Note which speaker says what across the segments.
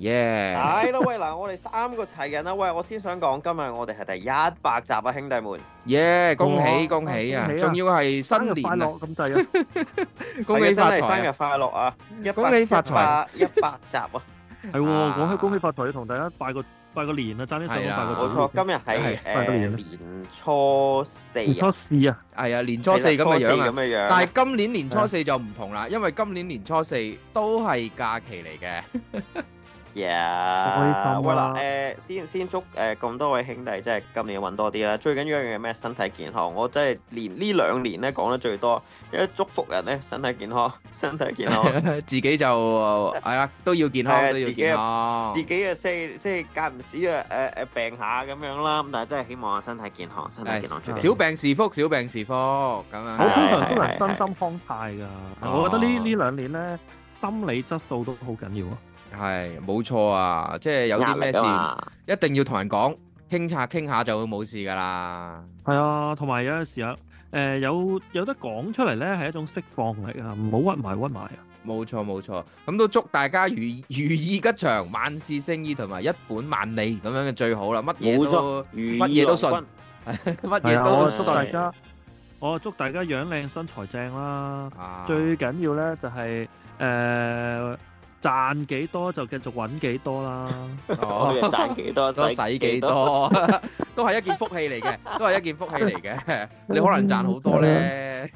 Speaker 1: 耶，係咯，喂
Speaker 2: 嗱，我哋三個齊人啦，喂，我先想講，今日我哋係第一百集啊，兄弟們，
Speaker 1: 耶，恭喜恭喜啊！仲要係
Speaker 2: 新年啊，咁濟啊，恭喜發財！今日生日快樂啊，恭喜發財一百集啊，
Speaker 3: 係喎，我恭喜發財，同大家拜個拜個年啊，爭啲歲啊，冇錯，今日係誒年初四，年
Speaker 1: 初四啊，係啊，年初四咁嘅樣啊，但係今年年初四就唔同啦，因為今年年初四都係假期嚟嘅。
Speaker 2: yeah，啦、啊，誒先先祝誒咁多位兄弟，即係今年揾多啲啦。最緊要嘅咩？身體健康。我真係連兩呢兩年咧講得最多，因祝福人咧身體健康，身體健康， 自己就係啦，都要健康，都要健康。自己嘅即係即係間唔時啊誒誒病下咁樣啦。咁但係真係希望身體健康，身體健康出嚟、哎。
Speaker 1: 小病是福，小病是福，好多 人真係身
Speaker 3: 心康泰㗎。 我覺得 兩呢呢兩年咧心理質素都好緊要啊。
Speaker 1: 係冇錯啊，即係有啲咩事，一定要同人講，傾下傾下就會冇事噶啦。係啊，同埋有陣時啊，誒，有有得講出嚟咧，係一種釋放力啊，唔好屈埋屈埋啊。冇錯冇錯，咁都祝大家如如意吉祥，萬事勝意，同埋一本萬利咁樣嘅最好啦，乜嘢都乜嘢都順，乜嘢都順。我祝大家，
Speaker 3: 我祝大家樣靚身材正啦。最緊要咧就係誒。賺幾多就繼續搵幾多啦，賺幾多都使幾多，
Speaker 1: 都係一件福
Speaker 2: 氣嚟嘅，都係一件福氣嚟嘅。你可能賺好多咧，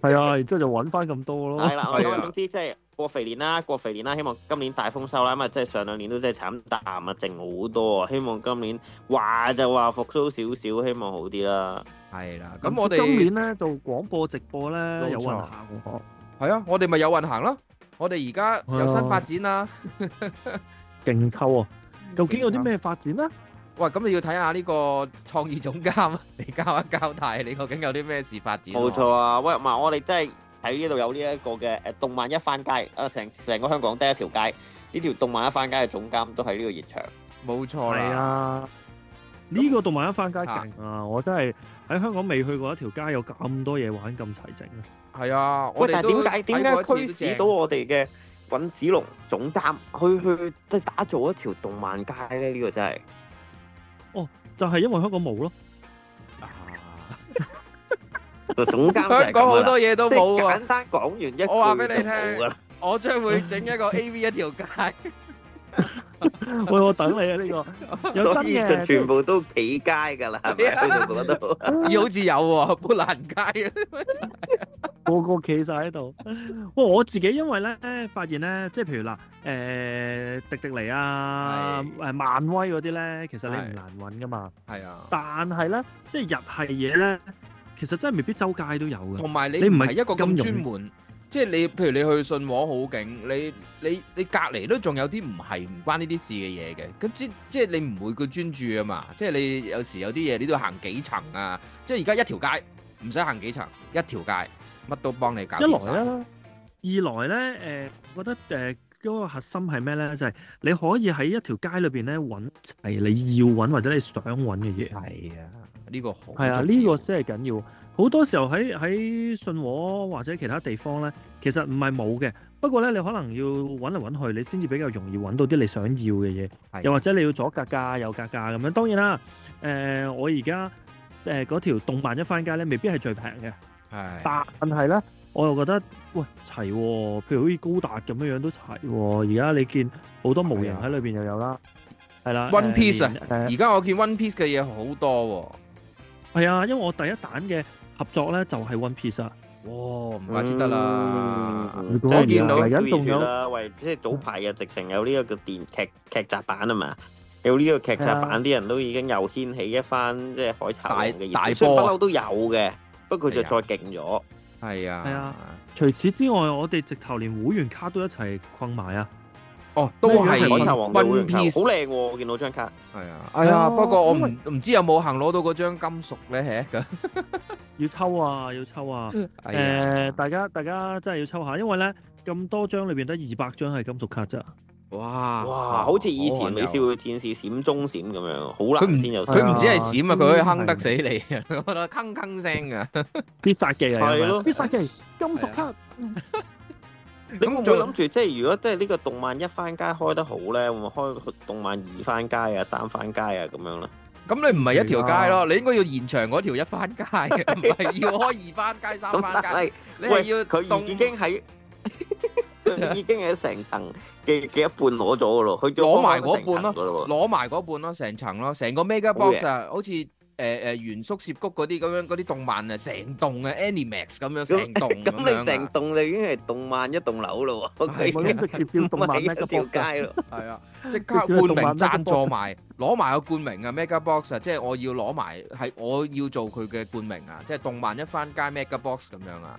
Speaker 3: 係啊，然之後就搵翻咁多咯。係啦，總
Speaker 2: 之即係過肥年啦，過肥年啦，希望今年大豐收啦。咁啊，即係上兩年都真係慘淡啊，剩好多啊。希望今年話就話復蘇少少，希望好啲啦。係啦，咁我哋今年
Speaker 3: 咧做廣播直播咧有運
Speaker 1: 行哦，係啊，我哋咪有運行咯。我哋而家有新發展啦、啊，勁抽啊！究竟有啲咩發展咧？喂，咁你要睇下呢個創意總監，你交一交代，你究竟有啲咩事發
Speaker 2: 展？冇錯啊！嗯、喂，唔係我哋真係喺呢度有呢一個嘅誒、呃、動漫一番街啊，成、呃、成個香港得一條街呢條動漫一番街嘅總監都喺呢個現場。
Speaker 3: 冇錯啦。呢個動漫一番街勁啊！我真係喺香港未去過一條街有咁多嘢玩咁齊整咧。
Speaker 2: 係啊，喂，但係點解點解驅使到我哋嘅滾子龍總監去去去即係打造一條動漫街咧？呢個真係，哦，就係因為香港冇咯。啊，總監，香港好多嘢都冇啊！簡單講完一，我話俾你聽，我將會整一個 AV 一條街。
Speaker 3: 喂，我等你啊！
Speaker 2: 呢個，所以就全部都企街噶啦，係咪啊？嗰度，咦？好似有喎，好難街啊！
Speaker 3: 個個企晒喺度。哇！我自己因為咧，發現咧，即係譬如嗱，誒，迪迪尼啊，誒，漫威嗰啲咧，其實你唔難搵噶嘛。係啊。但係
Speaker 1: 咧，即係日系嘢咧，
Speaker 3: 其實真係未
Speaker 1: 必周街都有嘅。同埋你，你唔係一個咁專門。即係你，譬如你去信和好勁，你你你隔籬都仲有啲唔係唔關呢啲事嘅嘢嘅，咁即即係你唔會去專注啊嘛，即係你有時有啲嘢你都要行幾層啊，即係而家一條街唔使行幾層，一條街乜都幫你搞掂晒。一來
Speaker 3: 咧，二來咧，誒、呃，我覺得誒，嗰、呃那個核心係咩咧？就係、是、你可以喺一條街裏邊咧，揾齊你要揾或者你想揾嘅嘢。係啊。
Speaker 1: 呢個好係啊，呢、這個
Speaker 3: 先係緊要。好多時候喺喺信和或者其他地方咧，其實唔係冇嘅。不過咧，你可能要揾嚟揾去，你先至比較容易揾到啲你想要嘅嘢。的又或者你要左格價右格價咁樣。當然啦，誒、呃，我而家誒嗰條動漫一翻街咧，未必係最平嘅。係的，但係咧，我又覺得喂齊，譬如好似高達咁樣樣都齊。而家你見好多模型喺裏邊又有啦，係啦的、呃、One Piece 后啊，而
Speaker 1: 家我見 One Piece 嘅嘢好多喎、啊。
Speaker 3: 係啊，因為我第一彈嘅合作咧就係、是、One Piece 啊。
Speaker 2: 哇，唔怪之得啦，
Speaker 1: 即係見到唯一仲
Speaker 2: 有，即係早排啊，直情有呢個叫《電劇劇集版啊嘛，有呢個劇集版，啲、啊、人都已經又掀起一番，即係海賊嘅熱。大所以不嬲都有嘅，不過就再勁咗。係啊，係啊，啊。
Speaker 3: 除此之外，我哋直頭連會員卡都一齊困埋啊！哦，都係
Speaker 1: ，One Piece，好靚
Speaker 2: 喎！我見到張卡，係啊，哎
Speaker 1: 呀。不過我唔唔知有冇行攞到嗰張金屬咧？吓，要抽啊，要抽啊！誒，大家大
Speaker 3: 家真係要抽下，因為咧咁多張裏邊得二百張係金屬卡咋？哇哇，好似以
Speaker 2: 前美少女戰士閃中閃咁樣，好難，佢唔佢唔止係閃啊，佢可以坑得死你啊，我覺得坑坑聲啊！
Speaker 1: 必殺技啊，係咯，必殺技，金屬卡。
Speaker 2: 你會唔會諗住，即係如果即係呢個動漫一番街開得好咧，會唔會開動漫二番街啊、三番街啊咁樣咧？咁你唔係一條街咯，是啊、你應
Speaker 1: 該要延長嗰條一番街，唔係是、啊、要開二番街，街、三番街。你係要佢已經喺
Speaker 2: 已經喺成層嘅嘅一半攞咗嘅咯，佢攞埋嗰半咯、啊，
Speaker 1: 攞埋嗰半咯、啊，成層咯，成個 Mega Box、啊、好似。好誒誒，原宿、呃、涉谷嗰啲咁樣嗰啲動漫啊，成棟啊，Animax 咁樣成棟咁你成
Speaker 2: 棟你已經係動漫一棟樓咯喎，冇乜跳跳動漫一條街
Speaker 1: 咯，係啊，即刻冠名贊助埋，攞埋個冠名啊，Mega Box 啊，即係我要攞埋係我要做佢嘅冠名啊，即係動漫一番街 Mega Box 咁樣啊。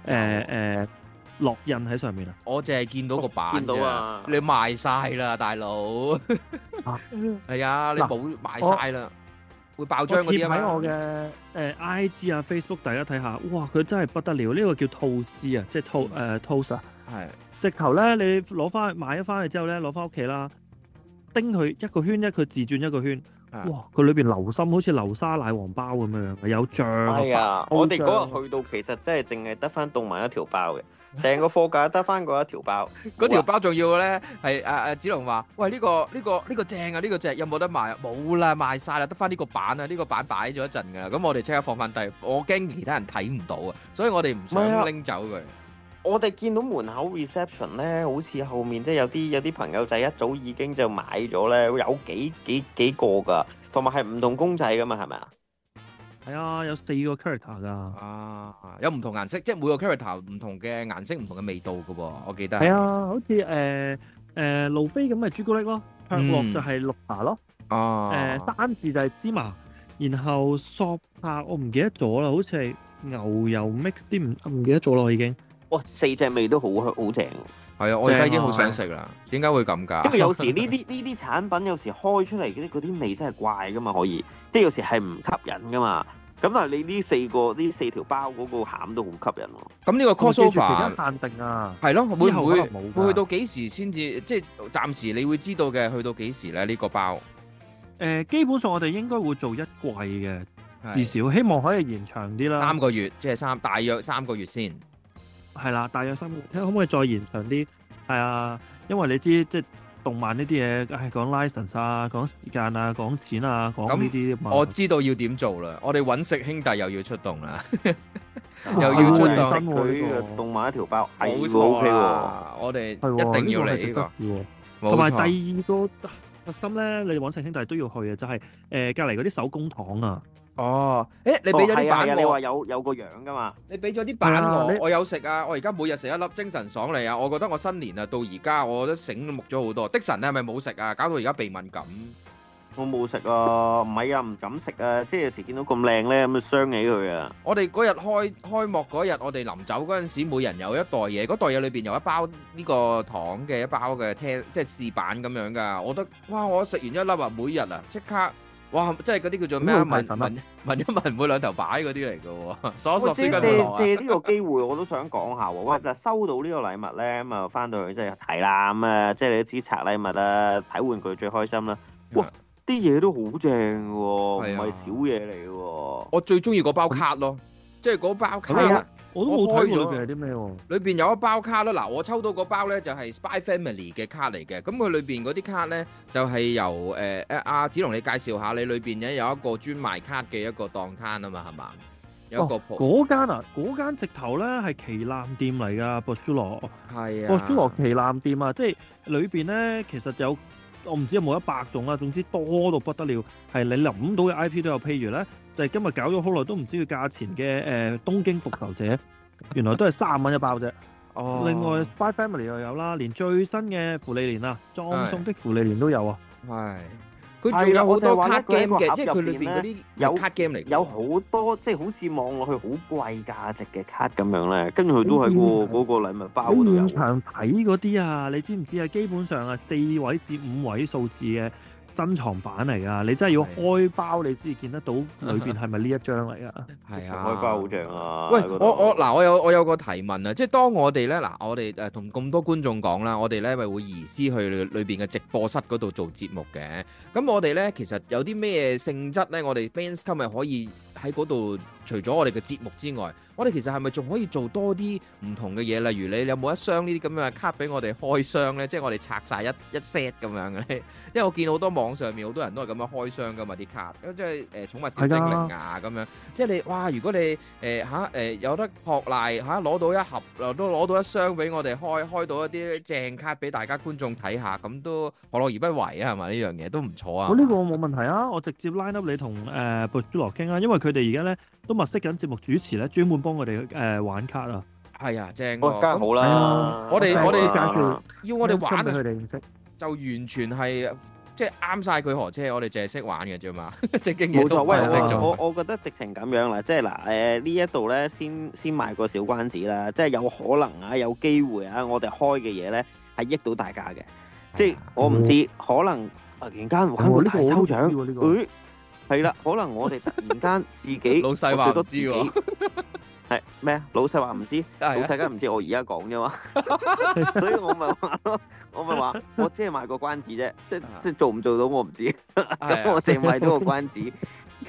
Speaker 3: 誒誒、呃呃、落印喺上面啊！
Speaker 1: 我淨係見到個版，見到啊！你賣晒啦，大佬，係啊！你冇賣晒啦，會爆漿嗰啲啊！我貼喺我嘅
Speaker 3: 誒、嗯呃、IG 啊 Facebook 大家睇下，哇！佢真係不得了，呢、這個叫吐司啊，即係吐誒 toast 啊，係、呃、的直頭咧！你攞翻去買咗翻去之後咧，攞翻屋企啦，
Speaker 2: 叮佢一個圈，一佢自轉一個圈。哇！
Speaker 3: 佢裏邊流心好似流沙奶黃包咁樣有醬。係啊，我哋嗰日去
Speaker 2: 到，其實真係淨係得翻凍埋一條包嘅，成個貨架得翻嗰一條包。嗰條 包仲要咧，係誒誒，子龍話：喂，呢個呢
Speaker 1: 個呢個正啊！呢個只有冇得賣，冇啦，賣晒啦，得翻呢個板啊！呢個板擺咗一陣噶啦，咁我哋即刻放翻低。我驚其他人睇唔到啊，所以我哋唔想拎走佢。
Speaker 2: 我哋見到門口 reception 咧，好似後面即係有啲有啲朋友仔一早已經就買咗咧，有幾幾幾個噶，同埋係唔同公仔噶嘛，係咪啊？
Speaker 1: 係啊，有四個 character 噶。啊，有唔同顏色，即係每個 character 唔同嘅顏色，唔同嘅味道噶噃。我記得係啊，
Speaker 3: 好似誒誒路飛咁咪朱古力咯，卓洛、嗯、就係綠茶咯。哦、啊，誒山治就係芝麻，然後索帕我唔記得咗啦，好似係牛油 mix 啲唔唔記得咗啦，我已經。
Speaker 2: 哇、哦！四隻味都好好正。係
Speaker 1: 啊，我而家已經好想食啦。點解會咁㗎？因為有時呢
Speaker 2: 啲呢啲產品有時開出嚟嗰啲啲味真係怪噶嘛，可以即係有時係唔吸引噶嘛。咁但係你呢四個呢四條包嗰個餡都好吸引喎、啊。咁
Speaker 1: 呢個 crossover 會唔會期間限定啊？係咯，會唔會去到幾時先至？即係暫時你會知道嘅，去到幾時咧？呢、這個包誒、呃，基本上我哋應該會做一季嘅，的至
Speaker 3: 少希望可以延長
Speaker 1: 啲啦。三個月即係、就是、三，大約三個月先。係啦，大
Speaker 3: 約三個，睇下可唔可以再延長啲？係啊，因為你知即係動漫呢啲嘢係講 license、啊，講時間啊、講錢啊、講呢啲、嗯、我知
Speaker 1: 道要點做啦，我哋揾食兄弟又要出動啦， 又要出動。動漫一條包，好啊！哎、啊我哋一定要嚟，這個，這個、值
Speaker 3: 同埋第二個核心咧，你哋揾食兄弟都要去嘅，就係誒隔離嗰啲手工廠啊。哦，
Speaker 1: 誒，你俾咗啲板我，你話有
Speaker 2: 有個樣噶嘛？你俾咗啲板我，
Speaker 1: 我有食啊！我而家每日食一粒，精神爽利啊！我覺得我新年啊，到而家我都醒目咗好多。的神你係咪冇食啊？搞到而家鼻敏感。
Speaker 2: 我冇食啊，唔係啊，唔敢食啊！即係有時見到咁靚咧，咁啊傷起佢啊！我哋嗰日開開幕嗰日，我哋臨走嗰陣時，每人有一袋
Speaker 1: 嘢，嗰袋嘢裏邊有一包呢個糖嘅一包嘅聽，即係試板咁樣噶。我覺得哇！我食完一粒啊，每日啊，即刻。哇！即係嗰啲叫做咩？問問問一問
Speaker 2: 會兩頭擺嗰啲嚟㗎喎，所索絲巾唔同啊！借呢個機會我都想講下喎，喂，收到呢個禮物咧，咁啊翻到去即係睇啦，咁啊即係你都知拆禮物啊，睇玩具最開心啦！哇！啲嘢都好正喎，唔係少嘢嚟喎。
Speaker 1: 我最中意嗰包卡咯，即係嗰包卡。我都冇睇到嘅係啲咩喎？裏邊有一包卡啦。嗱，我抽到個包咧就係 Spy Family 嘅卡嚟嘅，咁佢裏邊嗰啲卡咧就係由誒阿子龍你介紹下，你裏邊咧有一個專賣卡嘅一個檔攤啊嘛，係嘛？有個葡嗰
Speaker 3: 間啊，嗰間直頭咧係旗艦店嚟㗎，博斯羅。係
Speaker 1: 啊，博斯羅
Speaker 3: 旗艦店啊，即係裏邊咧其實就有。我唔知有冇一百種啦，總之多到不得了，係你諗到嘅 I P 都有。譬如呢，就係、是、今日搞咗好耐都唔知佢價錢嘅誒、呃、東京復仇者，原來都係三蚊一包啫。哦，另外 Spy Family 又有啦，連最新嘅芙莉蓮啊，葬送的芙莉蓮都有啊。
Speaker 2: 係。
Speaker 1: 佢仲有好多卡 game 嘅，即係佢裏邊嗰啲
Speaker 2: 有卡 game 嚟，有好多即係好似望落去好貴價值嘅卡咁樣咧，跟住佢都係喎嗰個禮
Speaker 3: 物包度有。現場睇嗰啲啊，你知唔知啊？基本上啊，四位至五位數字嘅。珍藏版嚟噶，你真係要開包你先見得到裏邊係咪呢一
Speaker 1: 張嚟㗎？係啊，開包好
Speaker 2: 正啊！
Speaker 1: 喂，我我嗱，我有我有個提問啊，即係當我哋咧嗱，我哋誒同咁多觀眾講啦，我哋咧咪會移師去裏邊嘅直播室嗰度做節目嘅。咁我哋咧其實有啲咩性質咧？我哋 fans come 咪可以。喺嗰度，除咗我哋嘅節目之外，我哋其實係咪仲可以做多啲唔同嘅嘢？例如你有冇一箱呢啲咁樣嘅卡俾我哋開箱咧？即係我哋拆曬一一 set 咁樣咧。因為我見好多網上面好多人都係咁樣開箱噶嘛啲卡，即係誒寵物小精靈啊咁樣。即係你哇，如果你誒嚇誒有得撲嚟嚇攞到一盒，又都攞到一箱俾我哋開，開到一啲正卡俾大家觀眾睇下，咁都何樂而不為啊？係咪呢樣嘢都唔錯啊！我呢個
Speaker 3: 冇問題啊，我直接 line up 你同誒 Boss 朱羅傾啊，因為佢。佢哋而家咧都物色緊節目主持咧，專門幫我哋誒玩卡啊！係啊，
Speaker 1: 正喎，梗係好啦！我哋我哋要我哋玩佢哋唔識，就完全係
Speaker 2: 即係啱晒佢河車，我哋淨係識玩嘅啫嘛！
Speaker 3: 正
Speaker 1: 經嘢都唔識做。我
Speaker 2: 我覺得直情咁樣啦，即係嗱誒呢一度咧，先先賣個小關子啦，即係有可能啊，有機會啊，我哋開嘅嘢咧係益到大家嘅，即係我唔知可能突然間玩個大抽獎。係啦，可能我哋突然間自己 老細話唔知喎，係咩 啊？老細話唔知，老細梗唔知我而家講啫嘛， 所以我咪話咯，我咪話，我即係賣個關子啫，即即做唔做到我唔知，咁 我淨係賣咗個關子，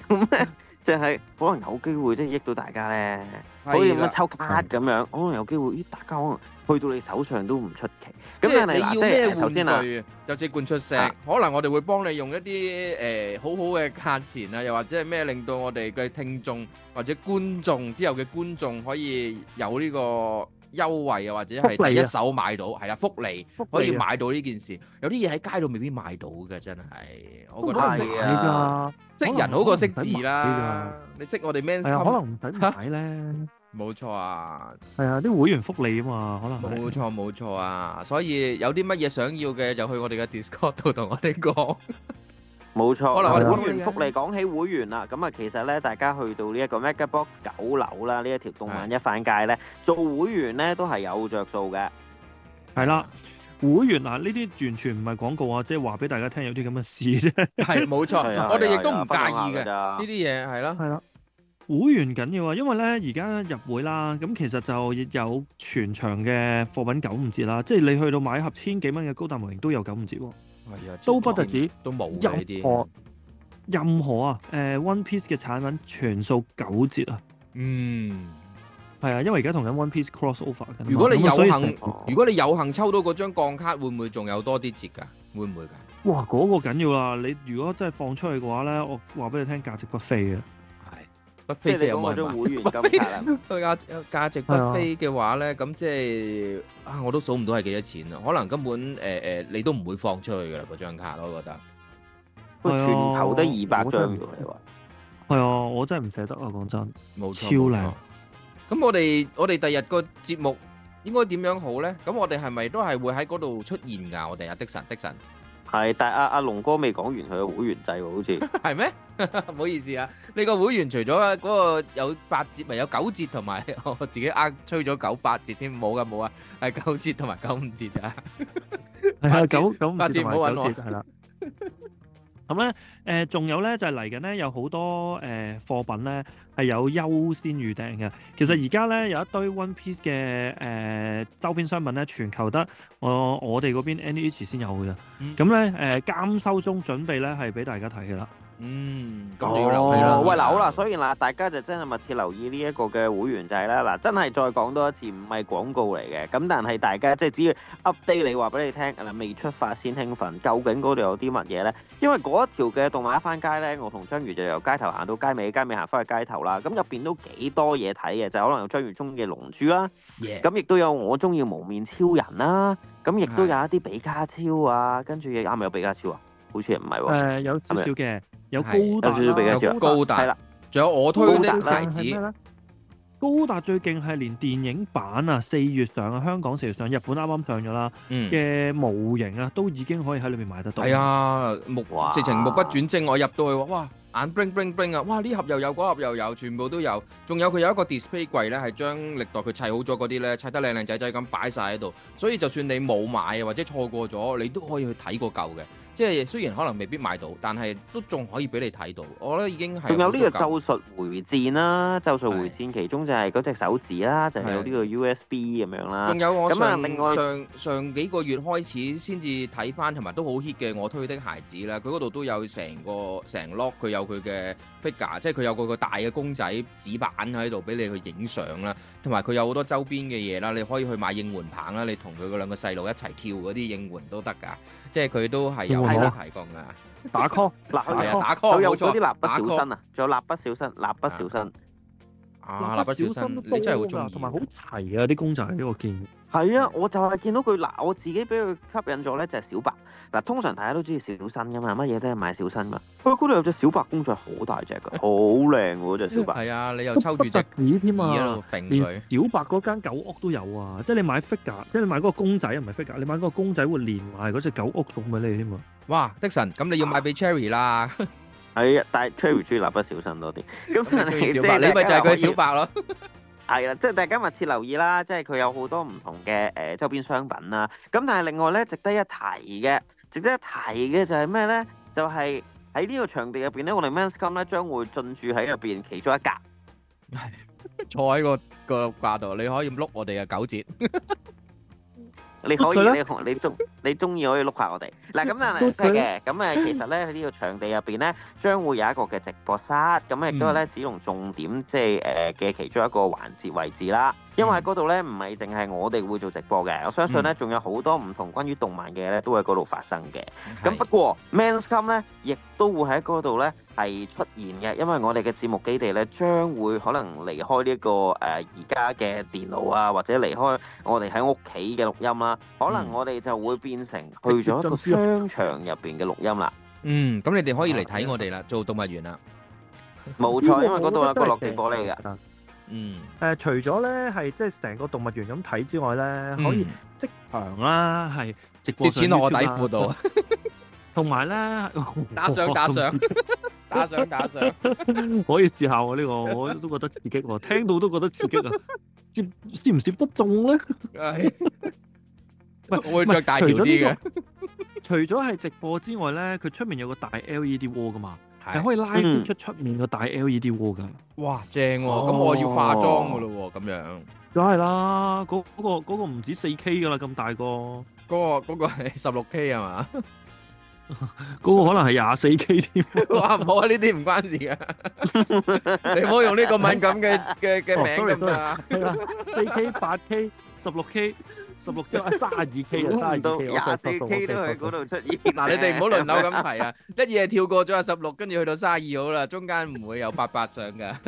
Speaker 2: 咁。即係、就是、可能有機會，即係益到大家咧，好似咁抽卡咁樣，嗯、可能有機會，咦，大家可能去到你手上都唔出奇。咁是但係是你要咩玩具啊？
Speaker 1: 就即管出聲，可能我哋會幫你用一啲誒、呃、好好嘅價錢啊，又或者係咩令到我哋嘅聽眾或者觀眾之後嘅觀眾可以有呢、這個。優惠啊，或者係第一手買到，係啊，福利可以買到呢件事。啊、有啲嘢喺街度未必買到嘅，真係。啊、我覺得係啊，的識人好過識字啦。你識我哋 Men's Come？係啊，可能唔使
Speaker 3: 睇買咧。
Speaker 1: 冇哈錯啊。
Speaker 3: 係啊，啲會員福利啊嘛，
Speaker 1: 可能。冇錯冇錯啊，所以有啲乜嘢想要嘅就去我哋嘅 Discord 度同我哋
Speaker 2: 講。 冇錯，會員福利講起會員啦，咁啊，其實咧，大家去到呢一個 Mega Box 九樓啦，呢一條動漫一番街咧，做會員咧都係有着數嘅。
Speaker 3: 係啦，會員嗱，呢啲完全唔係廣告啊，即係話俾大家聽
Speaker 1: 有啲咁嘅事啫。係，冇錯，我哋亦都唔介意嘅，呢啲嘢係咯，係咯。
Speaker 3: 會員緊要啊，因為咧而家入會啦，咁其實就有全場嘅貨品九五折啦，即係你去到買一盒千幾蚊嘅高達模型都有九五折。哎、都，都不得止，都冇任何任何啊，誒、呃、One Piece 嘅產品全數九折啊！
Speaker 1: 嗯，
Speaker 3: 係啊，因為而家同緊 One Piece crossover。如果你有幸，
Speaker 1: 如果你有幸抽到嗰張鋼卡，會唔會仲有多啲折㗎？會唔
Speaker 3: 會㗎？哇！嗰、嗰個緊要啦，你如果真係放出去嘅話咧，我話俾你聽，價值不菲啊。
Speaker 1: 即係有埋張會員卡啦，價價值不菲嘅話咧，咁即係啊，我都數唔到係幾多錢啦，可能根本誒誒，你都唔會放出去噶啦，嗰張卡咯，我覺得。不過斷頭得二百張，
Speaker 3: 你話係啊？我真係唔捨得啊！講真，冇錯，超靚啊，
Speaker 1: 咁我哋我哋第日個節目應該點樣好咧？咁我哋係咪都係會喺嗰度出現噶？我哋啊，的神的神。
Speaker 2: 係，但係阿阿龍哥未講完，佢嘅會員制喎，好似係咩？唔是嗎 好意思啊，你個會員除咗嗰
Speaker 1: 個有八折，咪有九折，同埋我自己呃吹咗九八折添，冇噶冇啊，係 節九折同埋九五折啊，係啊
Speaker 3: 九九五折唔好搵我，係啦。 咁咧，誒仲、嗯、有咧，就係嚟緊咧，有好多誒、呃、貨品咧係有優先預訂嘅。其實而家咧有一堆 One Piece 嘅誒、呃、周邊商品咧，全球得、呃、我我哋嗰邊 NH 先有嘅。咁咧誒，監修中準備咧係俾大家睇嘅啦。
Speaker 2: 嗯，喂，嗱好啦，所以嗱，大家就真係密切留意呢一個嘅會員制啦。嗱，真係再講多一次，唔係廣告嚟嘅。咁但係大家即係只要 update 你話俾你聽。未出發先興奮，究竟嗰度有啲乜嘢呢？因為嗰條嘅動漫一番街呢，我同章魚就由街頭行到街尾，街尾行翻去街頭啦。咁入邊都幾多嘢睇嘅，就可能有章魚中嘅龍珠啦。咁亦都有我中意蒙面超人啦。咁亦都有一啲比卡超啊。跟住啱咪有比卡超啊？好似唔係喎。
Speaker 3: 有少少
Speaker 2: 嘅。有高達，有高達，係啦，仲有我推
Speaker 3: 啲牌子，高達最勁係連電影版啊，四月上，香港四月上，日本啱啱上咗啦，嘅模型啊，都已經可以喺裏面買得到。係啊，
Speaker 1: 木直情目不轉睛，我入到去話，哇，眼 bling bling bling 啊，哇，呢盒又有，嗰盒又有，全部都有。仲有佢有一個 display 櫃咧，係將歷代佢砌好咗嗰啲咧砌得靚靚仔仔咁擺晒喺度，所以就算你冇買或者錯過咗，你都可以去睇個舊嘅。即係雖
Speaker 2: 然可能未必買到，但係都仲可以俾你睇到。
Speaker 1: 我呢已經係仲有呢個
Speaker 2: 咒術回戰啦、啊，是咒術回戰其中就係嗰隻手指啦、啊，是就係有呢個 USB 咁樣啦、啊。仲有我上、嗯、上另外上,
Speaker 1: 上幾個月開始先至睇翻，同埋都好 hit 嘅《我推的孩子》啦，佢嗰度都有成個成 lock，佢有佢嘅 figure，即係佢有嗰個,個大嘅公仔紙板喺度俾你去影相啦，同埋佢有好多周邊嘅嘢啦，你可以去買應援棒啦，你同佢嗰兩個細路一齊跳嗰啲應援都得噶。即係佢都係有啲提供
Speaker 2: 嘅，的打 call，係啊，打 call，仲有嗰啲蠟筆小新啊，仲有蠟筆小新，蠟筆小新，啊，蠟筆、啊、小新，小新，你真係好中意。同埋好
Speaker 3: 齊啊，啲公仔畀我見。
Speaker 2: 係啊，我就係見到佢嗱，我自己俾佢吸引咗咧，就係小白。嗱，通常大家都中意小新噶嘛，乜嘢都係買小新嘛。佢嗰度有隻小白公仔好大隻噶，好靚嗰隻小白。係
Speaker 3: 啊、 嗯，嗯嗯嗯、你又抽住隻
Speaker 2: 耳添啊，度
Speaker 3: 小白嗰間狗屋都有啊，即係你買 figure，即係你買嗰個公仔啊，唔係 figure，你買嗰個公仔會連埋嗰隻狗屋送俾你添啊？
Speaker 1: 哇，的神，
Speaker 2: 咁你要買俾 Cherry 啦。係 啊，但係 Cherry 中意蠟筆小新多啲，小白你咪就係佢小白咯。 係啦，即係大家密切留意啦，即係佢有好多唔同嘅誒周邊商品啦。咁但係另外咧，值得一提嘅，值得一提嘅就係咩咧？就係喺呢個場地入邊咧，我哋 Men's Come 咧將會進駐喺入邊其中一格，坐喺個個架度，你可以碌我哋嘅九折。你可以你你中你中意可以碌下我哋嗱咁但係，即係嘅咁啊，其實咧喺呢個場地入邊咧，將會有一個嘅直播室，咁亦都係咧只用重點即係誒嘅其中一個環節位置啦。因為喺嗰度咧，唔係淨係我哋會做直播嘅，我相信咧，仲有好多唔同關於動漫嘅嘢咧，都喺嗰度發生嘅。咁不過，Men's Come 咧，亦都會喺嗰度咧係出現嘅。因為我哋嘅節目基地咧，將會可能離開呢一個誒而家嘅電腦啊，或者離開我哋喺屋企嘅錄音啦。可能我哋就會變成去咗一個商場入邊嘅錄音啦。
Speaker 1: 嗯，咁你哋可以
Speaker 2: 嚟睇我哋啦，做動物園啦。
Speaker 1: 冇錯，因為嗰度有個落地玻璃嘅。
Speaker 3: 嗯，誒、呃，除咗咧，係即係成個動物園咁睇之外咧，嗯、可以即場啦、啊，係直接錢落底褲度、啊，同埋咧
Speaker 1: 打賞打賞，打賞打賞，
Speaker 3: 可以試下我、啊、呢、這個，我都覺得刺激、啊，聽到都覺得刺激啊，接接唔接得中咧？係 不我會再大條啲嘅，除咗係、這個、直播之外咧，佢出面有個大 LED wall 㗎嘛。係可以拉接出出面個大 LED wall 噶，哇正喎！咁我要化妝噶
Speaker 1: 咯，咁樣，
Speaker 3: 梗係啦，嗰嗰個嗰個唔止
Speaker 1: 四 K 噶啦，咁大個，嗰個嗰個係十六 K 係嘛，
Speaker 3: 嗰個可能係廿四 K 添，
Speaker 1: 哇唔好啊，呢啲唔關事啊，你唔好用呢個敏感嘅嘅
Speaker 2: 嘅名嚟啊，
Speaker 1: 四 K 八 K。
Speaker 3: 十六 K，十六張啊，卅二 K 卅二
Speaker 2: K，廿四 K 都喺嗰度出現。嗱，你哋
Speaker 3: 唔
Speaker 1: 好輪
Speaker 2: 流咁提啊，一嘢跳過咗啊，十六，跟住去到卅二好啦，中間唔會有八八上噶。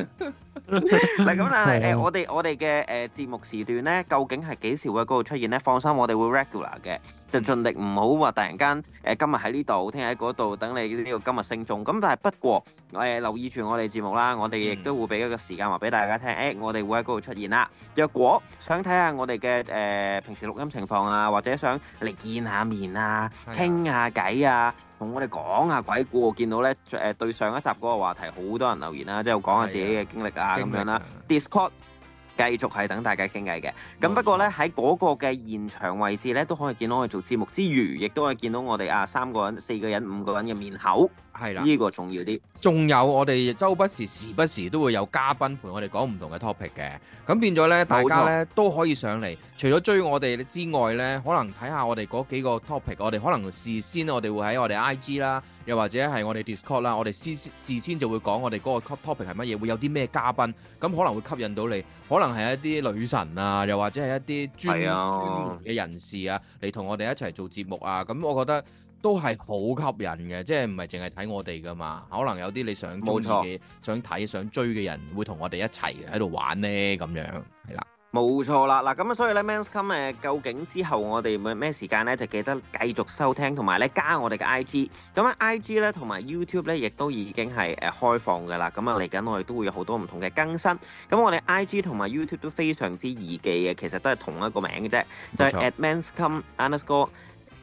Speaker 2: 嗱，咁但係誒，我哋我哋嘅誒節目時段咧，究竟係幾時會喺嗰度出現咧？放心，我哋會 regular 嘅。就盡力唔好話突然間，誒今日喺呢度，聽日喺嗰度，等你呢個今日升中。咁但係不過，我哋留意住我哋節目啦，我哋亦都會俾一個時間話俾大家聽，誒我哋會喺嗰度出現啦。若果想睇下我哋嘅誒平時錄音情況啊，或者想嚟見下面啊，傾下偈啊，同我哋講下鬼故。我見到咧誒對上一集嗰個話題，好多人留言啦，即係講下自己嘅經歷啊咁樣啦，Discord。繼續係等大家傾偈嘅，咁不過呢，喺嗰個嘅現場位置呢，都可以見到我哋做節目之餘，亦都可以見到我哋啊三個人、四個人、五個人嘅面口。係啦，呢個重要啲。仲有我哋周不時時不時都會有嘉
Speaker 1: 賓陪我哋講唔同嘅 topic 嘅。咁變咗呢，大家呢，冇錯，都可以上嚟。除咗追我哋之外呢，可能睇下我哋嗰幾個 topic。我哋可能事先我哋會喺我哋 IG 啦，又或者係我哋 Discord 啦，我哋先事先就會講我哋嗰個 topic 係乜嘢，會有啲咩嘉賓。咁可能會吸引到你，可能係一啲女神啊，又或者係一啲專、啊、專門嘅人士啊，嚟同我哋一齊做節目啊。咁我覺得。都係好吸引嘅，即係唔係淨係睇我哋噶嘛？可能有啲你想中意嘅、冇錯想睇、想追嘅人會同我哋一齊喺度玩呢。咁樣，係啦，
Speaker 2: 冇錯啦。嗱咁所以咧 Men's Come 誒，究竟之後我哋咩時間呢？就記得繼續收聽，同埋咧加我哋嘅 I G。咁喺 I G 咧同埋 YouTube 咧，亦都已經係誒開放嘅啦。咁啊，嚟緊我哋都會有好多唔同嘅更新。咁我哋 I G 同埋 YouTube 都非常之易記嘅，其實都係同一個名嘅啫，冇錯就係、是、At Men's Come underscore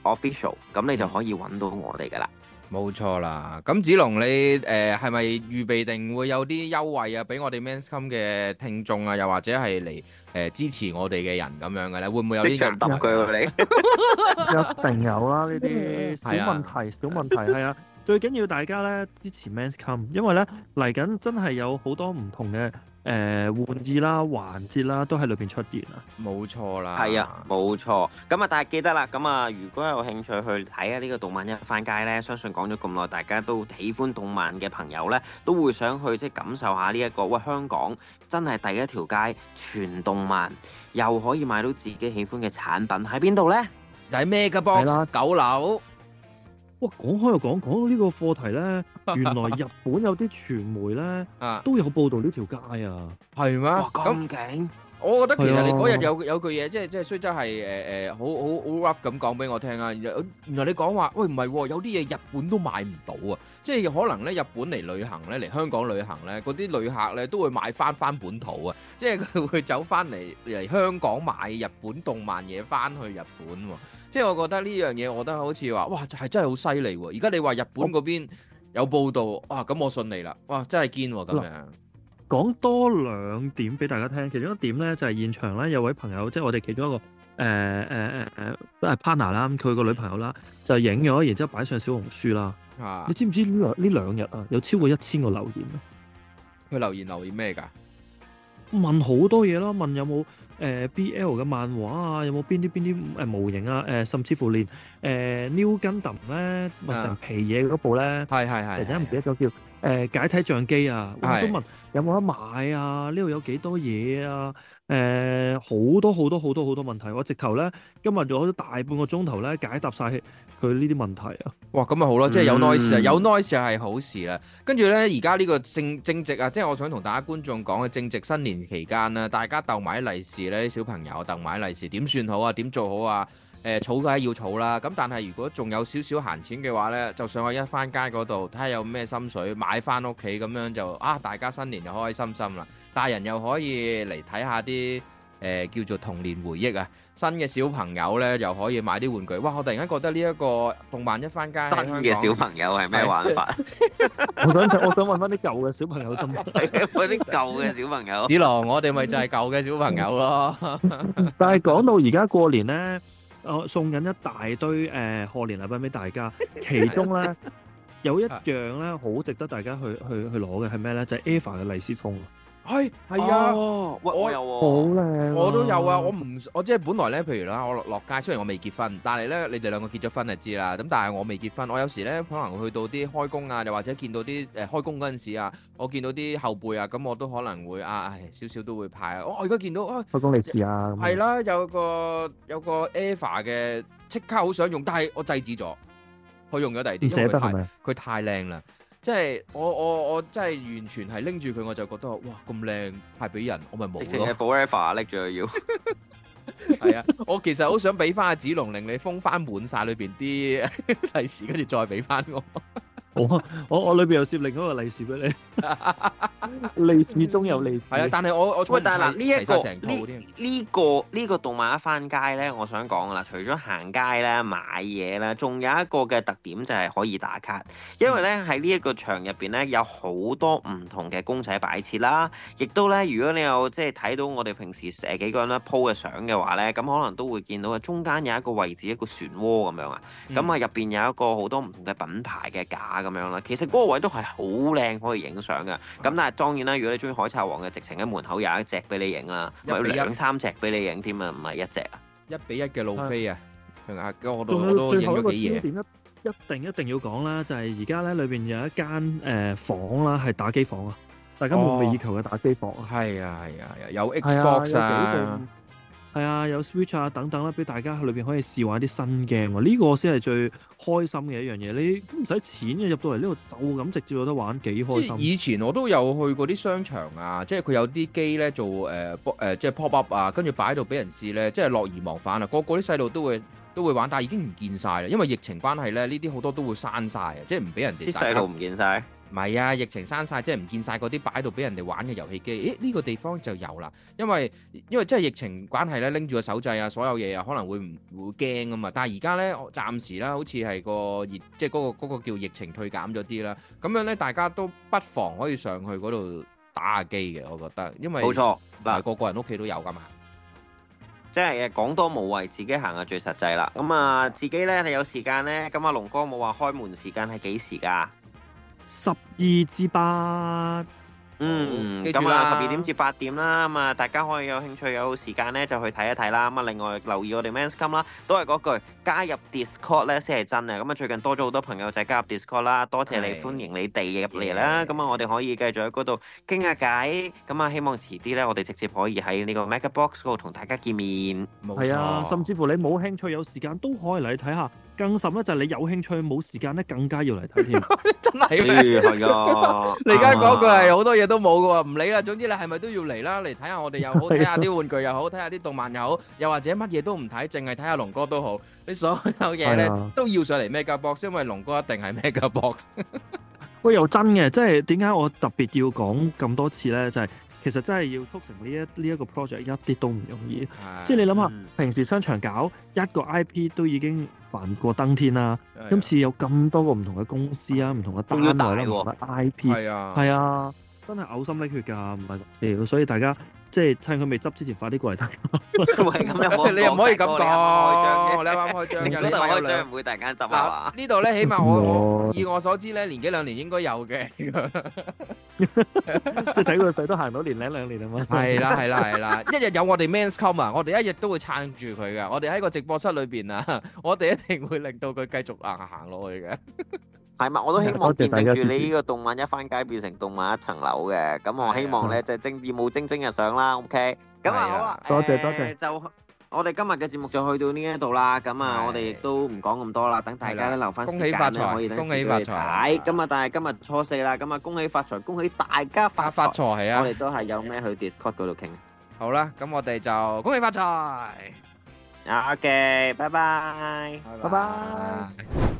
Speaker 2: Official，咁你就可以揾到我哋噶啦，
Speaker 1: 冇錯啦。咁子龍你誒係咪預備定會有啲優惠啊，俾我哋 Men's Come 嘅聽眾啊，又或者係嚟誒支持我哋嘅人咁樣嘅咧？會唔會有呢？即場答句你，
Speaker 3: 一定有啦。呢啲小， 小問題，小問題係啊。 最緊要大家咧支持 Men's Come，因為咧嚟緊真係有好多唔同嘅。誒、呃、換字啦、環節啦，都喺裏邊出現啦。冇錯啦，係啊，
Speaker 2: 冇錯。咁啊，大家記得啦。咁啊，如果有興趣去睇下呢個動漫一番街呢，相信講咗咁耐，大家都喜歡動漫嘅朋友呢，都會想去即係感受下呢、這、一個。喂，香港真係第一條街全動漫，又可以買到自己喜歡嘅產品，喺邊度咧？喺 Mega Box？啦九樓。
Speaker 3: 哇！講開又講，講到呢個課題呢。原來日本有啲傳媒咧，啊、都有報道呢條街
Speaker 1: 啊，係咩嗎？咁勁！我覺得其實你嗰日有、啊、有句嘢，即係即係雖則係誒誒好好好 rough 咁講俾我聽啊！原來你講話，喂唔係、啊、有啲嘢日本都買唔到啊！即係可能咧，日本嚟旅行咧，嚟香港旅行咧，嗰啲旅客咧都會買翻翻本土啊！即係佢會走翻嚟嚟香港買日本動漫嘢翻去日本喎、啊！即係我覺得呢樣嘢，我覺得好似話，哇，係真係好犀利喎！而家你話日本嗰邊。有報道哇，咁我信你啦，哇，真係堅咁樣。講多
Speaker 3: 兩點俾大家聽，其中一點咧就係、是、現場咧有位朋友，即、就、係、是、我哋其中一個誒誒誒誒都係 partner 啦，佢、呃、個、呃呃、女朋友啦就影咗，然之後擺上小紅書啦。啊！你知唔知呢兩呢兩日啊有超過一千個留言啊？
Speaker 1: 佢留言留言咩
Speaker 3: 㗎？問好多嘢咯，問有冇？誒、呃、B.L. 嘅漫畫啊，有冇邊啲邊啲誒模型啊？誒、呃，甚至乎連誒 New Game 咧，變、呃、成、啊、皮嘢嗰部咧，係係係，突然間唔記得咗叫。誒解體相機啊！我都問有冇得買啊？呢度有幾多嘢啊？誒好多好多好多好多問題，我直頭咧今日仲有咗大半個鐘頭咧解答曬佢呢啲問題啊！哇，咁咪好咯，即係有 noise 啊！有
Speaker 1: noise 係好事啦。跟住咧，而家呢個正正值啊，即係我想同大家觀眾講嘅正值新年期間啦，大家逗買啲利是咧，啲小朋友逗買啲利是點算好啊？點做好啊？誒儲梗係要儲啦，咁但係如果仲有少少閒錢嘅話咧，就上去一番街嗰度睇下有咩心水買翻屋企，咁樣就啊，大家新年就開開心心啦。大人又可以嚟睇下啲誒叫做童年回憶啊。新嘅小朋友咧又可以買啲玩具。哇！我突然間覺得呢一個動漫一番街嘅小朋友
Speaker 2: 係咩
Speaker 3: 玩法？我想我想問翻啲舊嘅小朋友，真
Speaker 2: 係嗰
Speaker 1: 啲舊嘅小朋友。子郎，我哋咪就係舊嘅小朋友咯。
Speaker 3: 但係講到而家過年咧。我、哦、送緊一大堆誒、呃、賀年禮品俾大家，其中咧 有一樣咧好值得大家去去去攞嘅係咩咧？就係 Eva 嘅利斯風。
Speaker 1: 係，係啊，哦、我，我有喎、啊，好靚、啊，我都有啊，我唔，我即係本來咧，譬如啦，我落街，雖然我未結婚，但係咧，你哋兩個結咗婚就知啦。咁但係我未結婚，我有時咧可能去到啲開工啊，又或者見到啲誒、呃、開工嗰陣時啊，我見到啲後輩啊，咁、嗯、我都可能會啊，唉，少少都會派。啊！哦、我而家見到啊，唉開工利是啊，係啦，有個有、e、個 Ava 嘅，即刻好想用，但係我制止咗，佢用咗第二啲，唔捨得，係咪？佢太靚啦。即係我我我真係完全係拎住佢，我就覺得哇咁靚，派俾人我咪冇咯。你成 forever 拎住佢要，係 啊！我其實好想俾翻阿紫龍，令你封翻滿晒裏邊啲利是，跟 住再俾翻我。
Speaker 3: 我我我裏邊又攝另一個利是俾你，利是中有利
Speaker 2: 是。係啊，但係我我喂，但係、這、嗱、個，呢一個呢呢呢個動漫一番街咧，我想講噶啦，除咗行街啦、買嘢啦，仲有一個嘅特點就係可以打卡，因為咧喺呢一個場入邊咧有好多唔同嘅公仔擺設啦，亦都咧如果你有即係睇到我哋平時成幾個人咧 po 嘅相嘅話咧，咁可能都會見到啊，中間有一個位置一個漩渦咁樣啊，咁啊入邊有一個好多唔同嘅品牌嘅架。咁樣啦，其實嗰個位都係好靚，可以影相嘅。咁的但係當然啦，如果你中意海賊王嘅，直情喺門口有一隻俾你影啦，有兩三隻俾你影添啊，唔係一隻啊。一比一嘅路飛啊，仲還有我都 最後一個重點一一
Speaker 3: 定一定要講啦，就係而家咧裏邊有一間誒、呃、房啦，係打機房啊，大家夢寐以求嘅打機房。係啊係啊，有 Xbox 啊。係啊，有 Switch 啊等等啦，俾大家喺裏邊可以試玩啲新 game，呢、這個先係最開心嘅一樣嘢。你都唔使錢
Speaker 1: 嘅，入到嚟呢度就咁直接有得玩，幾開心。以前我都有去過啲商場啊，即係佢有啲機咧做誒，誒、呃呃，即係 pop up 啊，跟住擺喺度俾人試咧，即係樂而忘返啊。個個啲細路都會都會玩，但係已經唔見晒啦，因為疫情關係咧，呢啲好多都會刪晒啊，即係唔俾人哋啲細路唔見晒。唔係啊！疫情刪晒，即係唔見晒嗰啲擺喺度俾人哋玩嘅遊戲機。誒呢個地方就有啦，因為因為即係疫情關係咧，拎住個手掣啊，所有嘢啊可能會唔會驚咁嘛？但係而家咧暫時啦，好似係個熱，即係嗰個嗰個叫疫情退減咗啲啦。咁樣咧，大家都不妨可以上去嗰度打下機嘅，我覺得。冇錯，嗱，個個人屋企都有噶嘛。
Speaker 2: 即係講多無謂，自己行下最實際啦。咁啊，自己咧係有時間咧，咁啊，龍哥冇話開門時間係幾時㗎？十二至八。嗯，咁啊十二點至八點啦，咁啊大家可以有興趣有時間咧就去睇一睇啦。咁啊另外留意我哋 Men's Come 啦，都係嗰句加入 Discord 咧先係真啊。咁啊最近多咗好多朋友仔加入 Discord 啦，多謝你歡迎你哋入嚟啦。咁啊我哋可以繼續喺嗰度傾下偈。咁啊希望遲啲咧我哋直接可以喺呢個 MegaBox 嗰度同大家見面。係啊，甚
Speaker 3: 至乎你冇興趣有時間都可以嚟睇下。更甚咧就係你有興趣冇時間咧更加要嚟睇
Speaker 1: 添。真係，係㗎。你而家講句係好多嘢。都冇嘅喎，唔理啦。總之你係咪都要嚟啦？嚟睇下我哋又好，睇下啲玩具又好，睇下啲動漫又好，又或者乜嘢都唔睇，淨係睇下龍哥都好。你所有嘢咧都要上嚟 Mega Box，因為龍哥一定係 Mega Box。
Speaker 3: 喂，又真嘅，即係點解我特別要講咁多次咧？就係其實真係要促成呢一呢一個 project 一啲都唔容易。即係你諗下，平時商場搞一個 IP 都已經煩過登天啦。今次有咁多個唔同嘅公司啊，唔同嘅單位啦，IP 係啊，係啊。真係嘔心瀝血噶，唔係，所以大家即係趁佢未執之前，快啲過嚟睇。你又
Speaker 1: 唔可以咁講，你啱啱開張，你啱啱開張，又唔開張唔會突然間執啊？呢度咧，起碼我我以我所知咧，年幾兩年應該有嘅。
Speaker 3: 即係睇佢使都行到年零
Speaker 1: 兩年啊
Speaker 2: 嘛。係啦係啦係啦，
Speaker 1: 一日有我哋 Men's Come 啊，我哋一日都會撐住佢噶。我哋喺個直播室裏邊啊，我哋一定會令到佢繼續啊行落去嘅。
Speaker 2: 係嘛，我都希望見證住你呢個動漫一番街變成動漫一層樓嘅。咁我希望咧就精啲冇精精嘅上啦，OK？咁啊好啦，多謝多謝，就我哋今日嘅節目就去到呢一度啦，咁啊我哋亦都唔講咁多啦，等大家都留翻時間咧可以等佢哋解。咁啊，但係今日初四啦，咁啊恭喜發財，恭喜大家發發財係啊！我哋都係有咩去 Discord 嗰度傾。好啦，咁我哋就恭喜發財，OK，拜拜，拜拜。